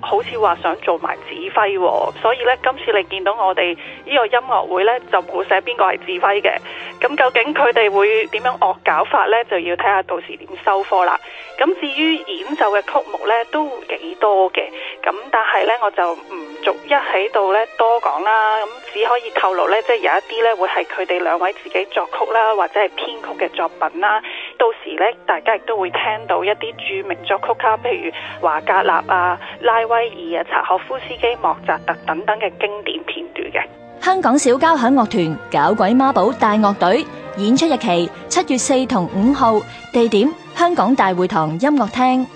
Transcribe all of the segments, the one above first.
好似話想做埋指揮，所以呢，今次你見到我哋呢個音樂會呢，就冇寫邊個係指揮嘅，咁究竟佢哋會點樣惡搞法呢？就要睇下到時點收科啦。咁至於演奏嘅曲目呢，都幾多嘅，咁但係呢，我就唔逐一喺度呢多講啦，咁只可以透露呢，即係有一啲呢，會係佢哋兩位自己作曲啦或者係編曲嘅作品啦。到時咧，大家亦都會聽到一啲著名作曲家，譬如華格納啊、拉威爾啊、柴可夫斯基、莫扎特等等嘅經典片段嘅。香港小交響樂團搞鬼孖寶大樂隊演出日期七月四同五號，地點香港大會堂音樂廳。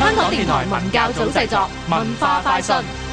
香港電台文教組製作文化快訊。